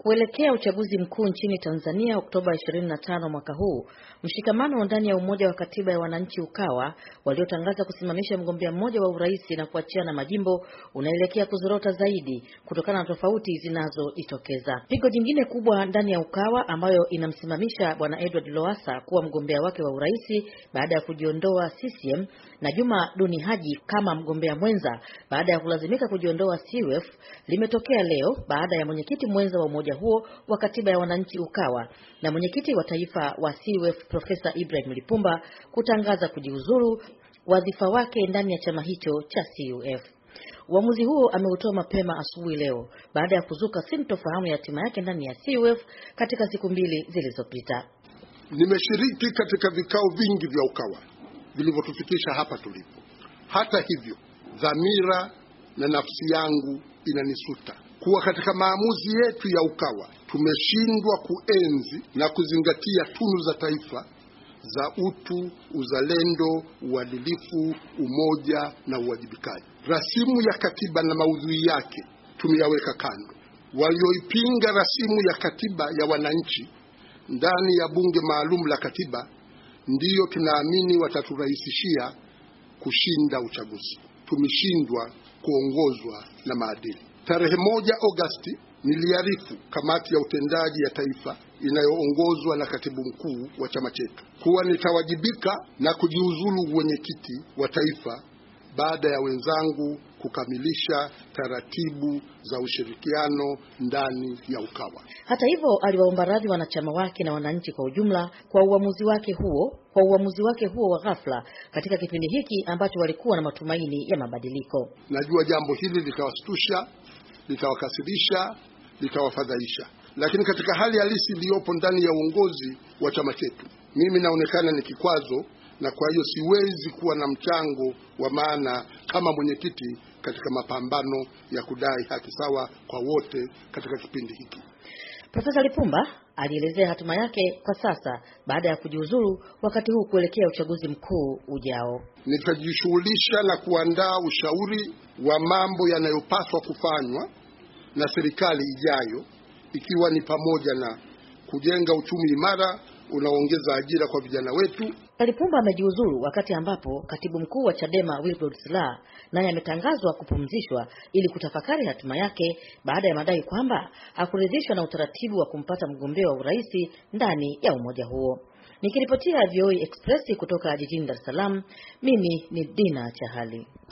Kuelekea uchaguzi mkuu nchini Tanzania Oktoba 25 mwaka huu, mshikamano ndani ya Umoja wa Katiba ya Wananchi Ukawa waliotangaza kusimamisha mgombea mmoja wa urais na kuachia na majimbo unaelekea kuzorota zaidi kutokana na tofauti zinazojitokeza. Pigo jingine kubwa ndani ya Ukawa ambayo inamsimamisha Bwana Edward Lowassa kuwa mgombea wake wa urais baada ya kujiondoa CCM na Juma Duni Haji kama mgombea mwenza baada ya kulazimika kujiondoa CUF limetokea leo baada ya mwenyekiti mwenza wa umoja umoja huo wa katiba ya wananchi Ukawa na mwenyekiti wa taifa wa CUF Profesa Ibrahim Lipumba kutangaza kujiuzuru wadhifa wake ndani ya chama hicho cha CUF. Uamuzi huo ameutoa mapema asubuhi leo baada ya kuzuka sintofahamu ya hatima yake ndani ya CUF katika siku mbili zilizopita. Nimeshiriki katika vikao vingi vya Ukawa vilivyotufikisha hapa tulipo. Hata hivyo, dhamira na nafsi yangu inanisuta kuwa katika maamuzi yetu ya UKAWA tumeshindwa kuenzi na kuzingatia tunu za taifa za utu, uzalendo, uadilifu, umoja na uwajibikaji. Rasimu ya katiba na maudhui yake tumeyaweka kando. Walioipinga rasimu ya katiba ya wananchi ndani ya bunge maalum la katiba ndiyo tunaamini wataturahisishia kushinda uchaguzi. Tumeshindwa kuongozwa na maadili. Tarehe moja Agosti niliarifu kamati ya utendaji ya taifa inayoongozwa na katibu mkuu wa chama chetu kuwa nitawajibika na kujiuzulu wenyekiti wa taifa baada ya wenzangu kukamilisha taratibu za ushirikiano ndani ya Ukawa. Hata hivyo, aliwaomba radhi wanachama wake na wananchi kwa ujumla kwa uamuzi wake huo kwa uamuzi wake huo wa ghafla katika kipindi hiki ambacho walikuwa na matumaini ya mabadiliko. Najua jambo hili litawashtusha, litawakasirisha, litawafadhaisha, lakini katika hali halisi iliyopo ndani ya uongozi wa chama chetu, mimi naonekana ni kikwazo na kwa hiyo siwezi kuwa na mchango wa maana kama mwenyekiti katika mapambano ya kudai haki sawa kwa wote katika kipindi hiki. Profesa Lipumba alielezea hatima yake kwa sasa baada ya kujiuzuru, wakati huu kuelekea uchaguzi mkuu ujao. Nitajishughulisha na kuandaa ushauri wa mambo yanayopaswa kufanywa na serikali ijayo, ikiwa ni pamoja na kujenga uchumi imara unaoongeza ajira kwa vijana wetu Lipumba amejiuzuru wakati ambapo katibu mkuu wa Chadema Wilbrod Slaa naye ametangazwa kupumzishwa ili kutafakari hatima yake baada ya madai kwamba hakuridhishwa na utaratibu wa kumpata mgombea wa urais ndani ya umoja huo. Nikiripotia VOA Express kutoka jijini Dar es Salaam, mimi ni Dina Chahali.